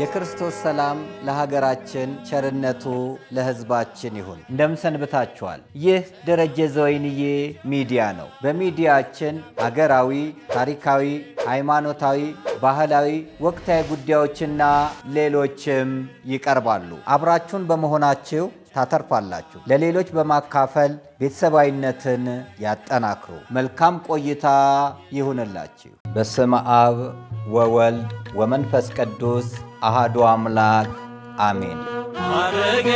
የክርስቶስ ሰላም ለሀገራችን፣ ቸርነቱ ለሕዝባችን ይሁን። እንደምሰንብታችኋል። ይህ ደረጀ ዘወይንዬ ሚዲያ ነው። በሚዲያችን ሀገራዊ፣ ታሪካዊ፣ ሃይማኖታዊ፣ ባህላዊ፣ ወቅታዊ ጉዳዮችና ሌሎችም ይቀርባሉ። አብራችሁን በመሆናችሁ ታተርፋላችሁ። ለሌሎች በማካፈል ቤተሰባዊነትን ያጠናክሩ። መልካም ቆይታ ይሁንላችሁ። በስመ አብ ወወልድ ወመንፈስ ቅዱስ አህዱ አምላክ አሜን። አረገ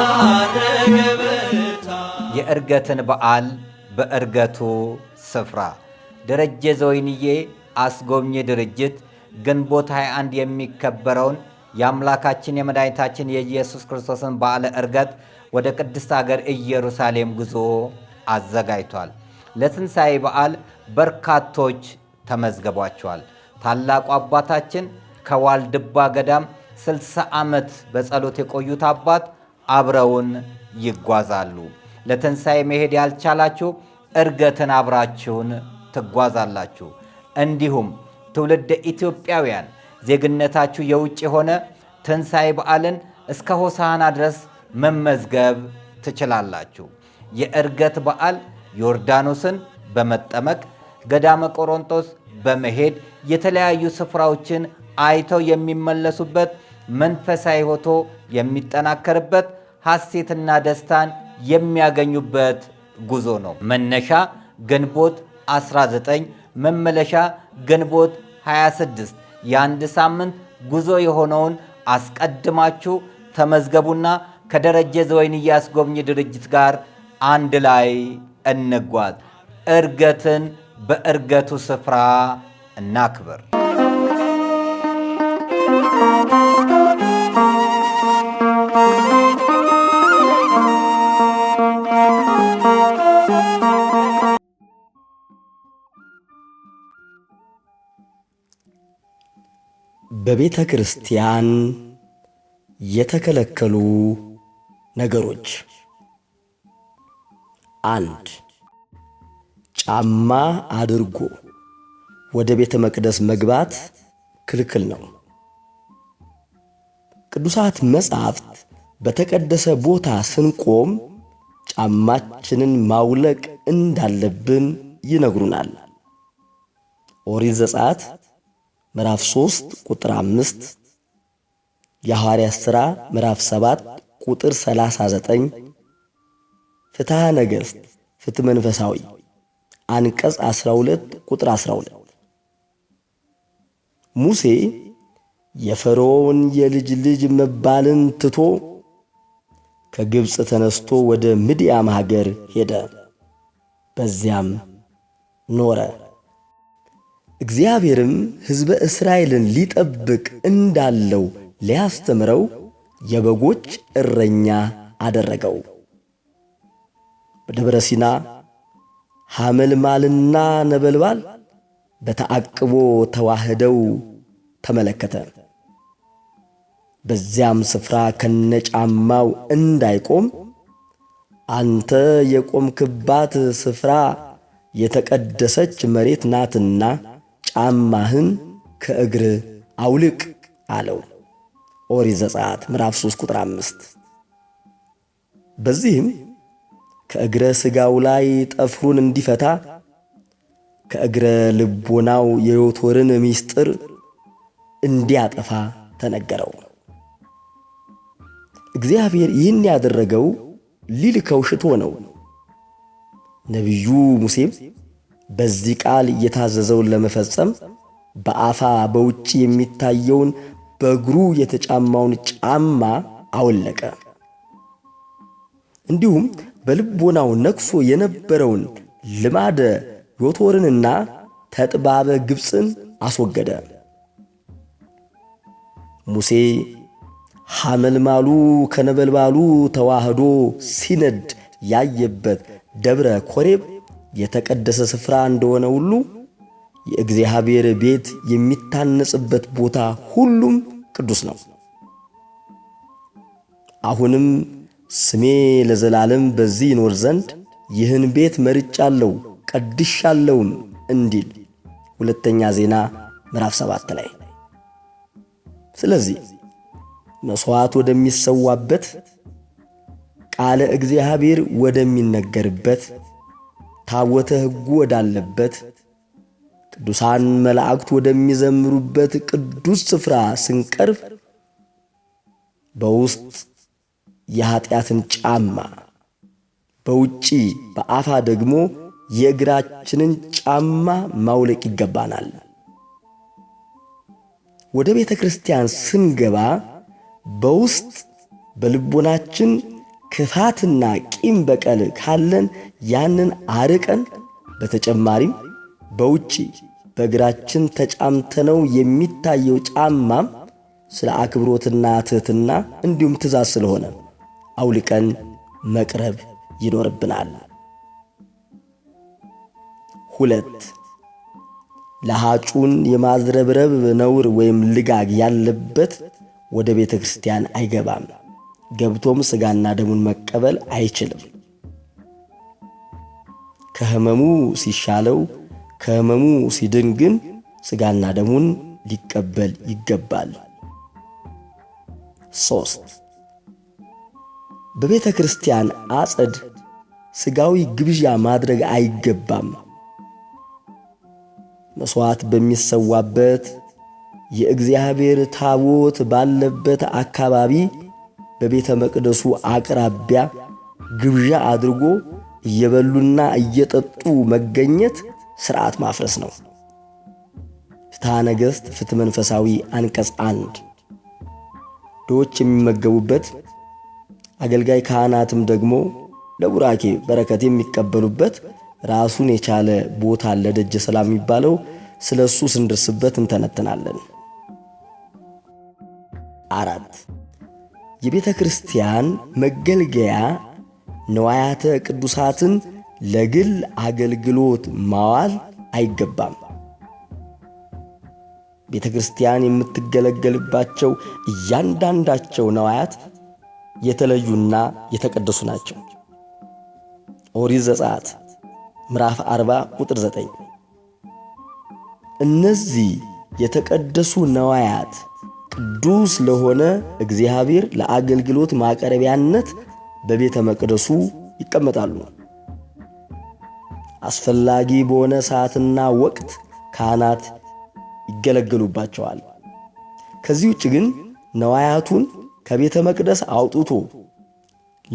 አረገ በታ የእርገትን በዓል በእርገቱ ስፍራ ደረጀ ዘወይንዬ አስጎብኚ ድርጅት ግንቦት 21 የሚከበረውን የአምላካችን የመድኃኒታችን የኢየሱስ ክርስቶስን በዓለ እርገት ወደ ቅድስት አገር ኢየሩሳሌም ጉዞ አዘጋጅቷል። ለትንሣኤ በዓል በርካቶች ተመዝግቧቸዋል። ታላቁ አባታችን ከዋልድባ ገዳም 60 ዓመት በጸሎት የቆዩት አባት አብረውን ይጓዛሉ። ለትንሣኤ መሄድ ያልቻላችሁ እርገትን አብራችሁን ትጓዛላችሁ። እንዲሁም ትውልድ ኢትዮጵያውያን ዜግነታችሁ የውጭ የሆነ ትንሣኤ በዓልን እስከ ሆሳና ድረስ መመዝገብ ትችላላችሁ። የእርገት በዓል ዮርዳኖስን በመጠመቅ ገዳመ ቆሮንቶስ በመሄድ የተለያዩ ስፍራዎችን አይተው የሚመለሱበት መንፈሳዊ ሆቶ የሚጠናከርበት ሐሴትና ደስታን የሚያገኙበት ጉዞ ነው። መነሻ ግንቦት 19 መመለሻ ግንቦት 26 የአንድ ሳምንት ጉዞ የሆነውን አስቀድማችሁ ተመዝገቡና ከደረጀ ዘወይንዬ አስጎብኚ ድርጅት ጋር አንድ ላይ እንጓዝ። እርገትን በእርገቱ ስፍራ እናክብር። በቤተ ክርስቲያን የተከለከሉ ነገሮች አንድ ጫማ አድርጎ ወደ ቤተ መቅደስ መግባት ክልክል ነው። ቅዱሳት መጻሕፍት በተቀደሰ ቦታ ስንቆም ጫማችንን ማውለቅ እንዳለብን ይነግሩናል። ኦሪት ዘጸአት ምዕራፍ 3 ቁጥር 5፣ የሐዋርያት ሥራ ምዕራፍ 7 ቁጥር 39፣ ፍትሐ ነገሥት ፍትሕ መንፈሳዊ አንቀጽ 12 ቁጥር 12 ሙሴ የፈርዖን የልጅ ልጅ መባልን ትቶ ከግብፅ ተነስቶ ወደ ምድያም ሀገር ሄደ፣ በዚያም ኖረ። እግዚአብሔርም ሕዝበ እስራኤልን ሊጠብቅ እንዳለው ሊያስተምረው የበጎች እረኛ አደረገው። በደብረ ሲና ሐመልማልና ነበልባል በተአቅቦ ተዋህደው ተመለከተ። በዚያም ስፍራ ከነጫማው እንዳይቆም አንተ የቆምክባት ስፍራ የተቀደሰች መሬት ናትና ጫማህን ከእግር አውልቅ አለው። ኦሪት ዘጸአት ምዕራፍ 3 ቁጥር 5። በዚህም ከእግረ ሥጋው ላይ ጠፍሩን እንዲፈታ ከእግረ ልቦናው የዮቶርን ምስጢር እንዲያጠፋ ተነገረው። እግዚአብሔር ይህን ያደረገው ሊልከው ሽቶ ነው። ነቢዩ ሙሴም በዚህ ቃል የታዘዘውን ለመፈጸም በአፋ በውጭ የሚታየውን በእግሩ የተጫማውን ጫማ አወለቀ። እንዲሁም በልቦናው ነክሶ የነበረውን ልማደ ዮቶርንና ተጥባበ ግብፅን አስወገደ። ሙሴ ሐመልማሉ ከነበልባሉ ተዋህዶ ሲነድ ያየበት ደብረ ኮሬብ የተቀደሰ ስፍራ እንደሆነ ሁሉ የእግዚአብሔር ቤት የሚታነጽበት ቦታ ሁሉም ቅዱስ ነው። አሁንም ስሜ ለዘላለም በዚህ ይኖር ዘንድ ይህን ቤት መርጫለሁ ቀድሻለሁም እንዲል ሁለተኛ ዜና ምዕራፍ ሰባት ላይ። ስለዚህ መሥዋዕት ወደሚሰዋበት ቃለ እግዚአብሔር ወደሚነገርበት ታቦተ ሕጉ ወዳለበት ቅዱሳን መላእክት ወደሚዘምሩበት ቅዱስ ስፍራ ስንቀርብ በውስጥ የኀጢአትን ጫማ በውጪ በአፋ ደግሞ የእግራችንን ጫማ ማውለቅ ይገባናል። ወደ ቤተ ክርስቲያን ስንገባ በውስጥ በልቦናችን ክፋትና ቂም በቀል ካለን ያንን አርቀን በተጨማሪም በውጪ በእግራችን ተጫምተነው የሚታየው ጫማም ስለ አክብሮትና ትሕትና እንዲሁም ትእዛዝ ስለሆነ አውልቀን መቅረብ ይኖርብናል። ሁለት ለሐጩን የማዝረብረብ ነውር ወይም ልጋግ ያለበት ወደ ቤተ ክርስቲያን አይገባም። ገብቶም ሥጋና ደሙን መቀበል አይችልም። ከሕመሙ ሲሻለው ከሕመሙ ሲድን ግን ሥጋና ደሙን ሊቀበል ይገባል። ሶስት በቤተ ክርስቲያን አጸድ ሥጋዊ ግብዣ ማድረግ አይገባም። መሥዋዕት በሚሰዋበት የእግዚአብሔር ታቦት ባለበት አካባቢ በቤተ መቅደሱ አቅራቢያ ግብዣ አድርጎ እየበሉና እየጠጡ መገኘት ሥርዓት ማፍረስ ነው። ፍትሐ ነገሥት ፍትሕ መንፈሳዊ አንቀጽ አንድ ዶዎች የሚመገቡበት አገልጋይ ካህናትም ደግሞ ለቡራኬ በረከት የሚቀበሉበት ራሱን የቻለ ቦታ አለ ደጀ ሰላም የሚባለው። ስለ እሱ ስንደርስበት እንተነትናለን። አራት የቤተ ክርስቲያን መገልገያ ንዋያተ ቅዱሳትን ለግል አገልግሎት ማዋል አይገባም። ቤተ ክርስቲያን የምትገለገልባቸው እያንዳንዳቸው ነዋያት የተለዩና የተቀደሱ ናቸው። ኦሪት ዘጸአት ምዕራፍ 40 ቁጥር 9። እነዚህ የተቀደሱ ነዋያት ቅዱስ ለሆነ እግዚአብሔር ለአገልግሎት ማቅረቢያነት በቤተ መቅደሱ ይቀመጣሉ። አስፈላጊ በሆነ ሰዓትና ወቅት ካህናት ይገለገሉባቸዋል። ከዚህ ውጭ ግን ነዋያቱን ከቤተ መቅደስ አውጥቶ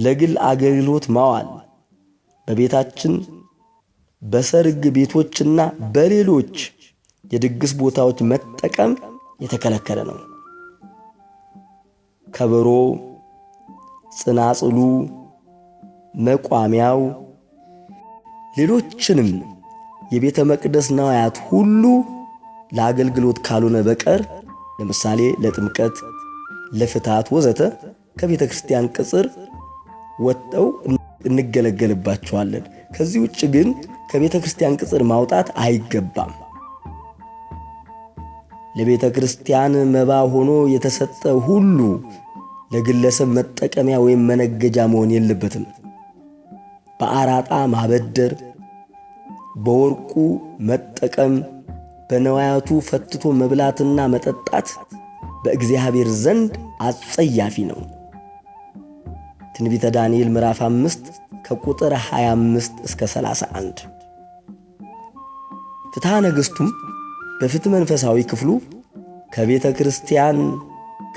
ለግል አገልግሎት ማዋል በቤታችን በሰርግ ቤቶችና በሌሎች የድግስ ቦታዎች መጠቀም የተከለከለ ነው። ከበሮ፣ ጽናጽሉ፣ መቋሚያው፣ ሌሎችንም የቤተ መቅደስ ነዋያት ሁሉ ለአገልግሎት ካልሆነ በቀር ለምሳሌ ለጥምቀት ለፍትሐት ወዘተ ከቤተ ክርስቲያን ቅጽር ወጥተው እንገለገልባቸዋለን። ከዚህ ውጭ ግን ከቤተ ክርስቲያን ቅጽር ማውጣት አይገባም። ለቤተ ክርስቲያን መባ ሆኖ የተሰጠ ሁሉ ለግለሰብ መጠቀሚያ ወይም መነገጃ መሆን የለበትም። በአራጣ ማበደር፣ በወርቁ መጠቀም፣ በነዋያቱ ፈትቶ መብላትና መጠጣት በእግዚአብሔር ዘንድ አጸያፊ ነው። ትንቢተ ዳንኤል ምዕራፍ 5 ከቁጥር 25 እስከ 31። ፍትሐ ነገሥቱም በፍትሕ መንፈሳዊ ክፍሉ ከቤተ ክርስቲያን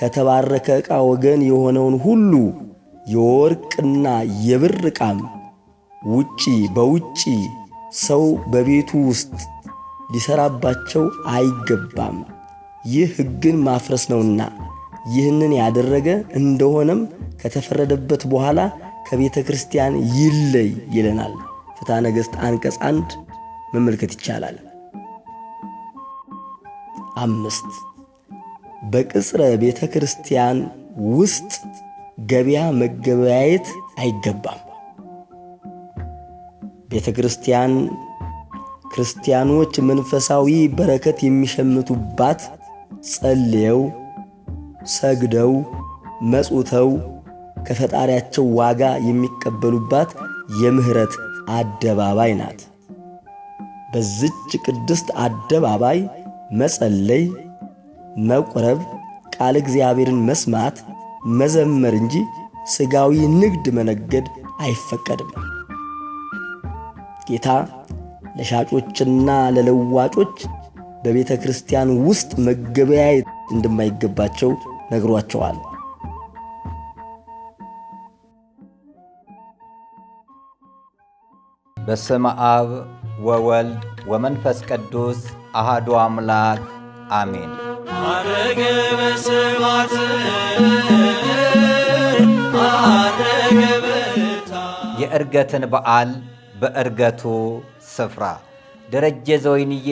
ከተባረከ ዕቃ ወገን የሆነውን ሁሉ የወርቅና የብር ዕቃም ውጪ በውጪ ሰው በቤቱ ውስጥ ሊሠራባቸው አይገባም ይህ ሕግን ማፍረስ ነውና ይህንን ያደረገ እንደሆነም ከተፈረደበት በኋላ ከቤተ ክርስቲያን ይለይ ይለናል። ፍትሐ ነገሥት አንቀጽ አንድ መመልከት ይቻላል። አምስት በቅጽረ ቤተ ክርስቲያን ውስጥ ገበያ መገበያየት አይገባም። ቤተ ክርስቲያን ክርስቲያኖች መንፈሳዊ በረከት የሚሸምቱባት ጸልየው ሰግደው መጽውተው ከፈጣሪያቸው ዋጋ የሚቀበሉባት የምህረት አደባባይ ናት። በዝች ቅድስት አደባባይ መጸለይ፣ መቁረብ፣ ቃል እግዚአብሔርን መስማት፣ መዘመር እንጂ ሥጋዊ ንግድ መነገድ አይፈቀድም። ጌታ ለሻጮችና ለለዋጮች በቤተ ክርስቲያን ውስጥ መገበያየት እንደማይገባቸው ነግሯቸዋል። በስመ አብ ወወልድ ወመንፈስ ቅዱስ አሃዱ አምላክ አሜን። አረገ በስባት አረገ በዓል በእርገቱ ስፍራ ደረጀ ዘወይንዬ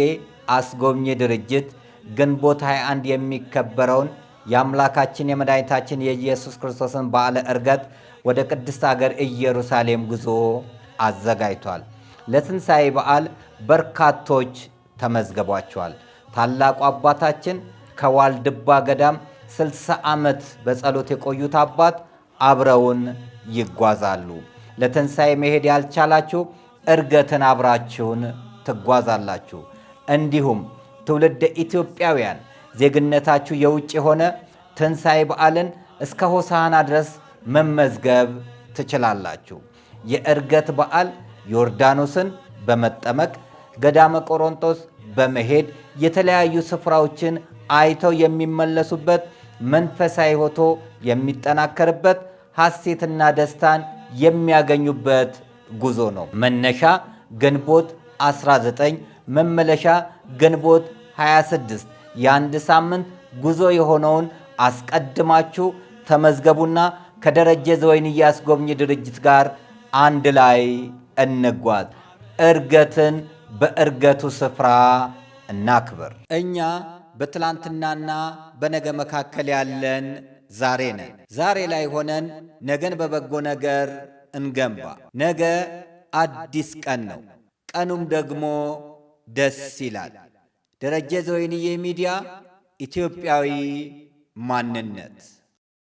አስጎብኚ ድርጅት ግንቦት 21 የሚከበረውን የአምላካችን የመድኃኒታችን የኢየሱስ ክርስቶስን በዓለ ዕርገት ወደ ቅድስት ሀገር ኢየሩሳሌም ጉዞ አዘጋጅቷል። ለትንሣኤ በዓል በርካቶች ተመዝግቧቸዋል። ታላቁ አባታችን ከዋልድባ ገዳም 60 ዓመት በጸሎት የቆዩት አባት አብረውን ይጓዛሉ። ለትንሣኤ መሄድ ያልቻላችሁ ዕርገትን አብራችሁን ትጓዛላችሁ። እንዲሁም ትውልደ ኢትዮጵያውያን ዜግነታችሁ የውጭ የሆነ ትንሣኤ በዓልን እስከ ሆሳና ድረስ መመዝገብ ትችላላችሁ። የእርገት በዓል ዮርዳኖስን በመጠመቅ ገዳመ ቆሮንጦስ በመሄድ የተለያዩ ስፍራዎችን አይተው የሚመለሱበት መንፈሳዊ ሆቶ የሚጠናከርበት ሐሴትና ደስታን የሚያገኙበት ጉዞ ነው። መነሻ ግንቦት 19 መመለሻ ግንቦት 26 የአንድ ሳምንት ጉዞ የሆነውን አስቀድማችሁ ተመዝገቡና ከደረጀ ዘወይንዬ አስጎብኚ ድርጅት ጋር አንድ ላይ እንጓዝ። እርገትን በእርገቱ ስፍራ እናክብር። እኛ በትላንትናና በነገ መካከል ያለን ዛሬ ነን። ዛሬ ላይ ሆነን ነገን በበጎ ነገር እንገንባ። ነገ አዲስ ቀን ነው። ቀኑም ደግሞ ደስ ይላል። ደረጀ ዘወይንዬ ሚዲያ ኢትዮጵያዊ ማንነት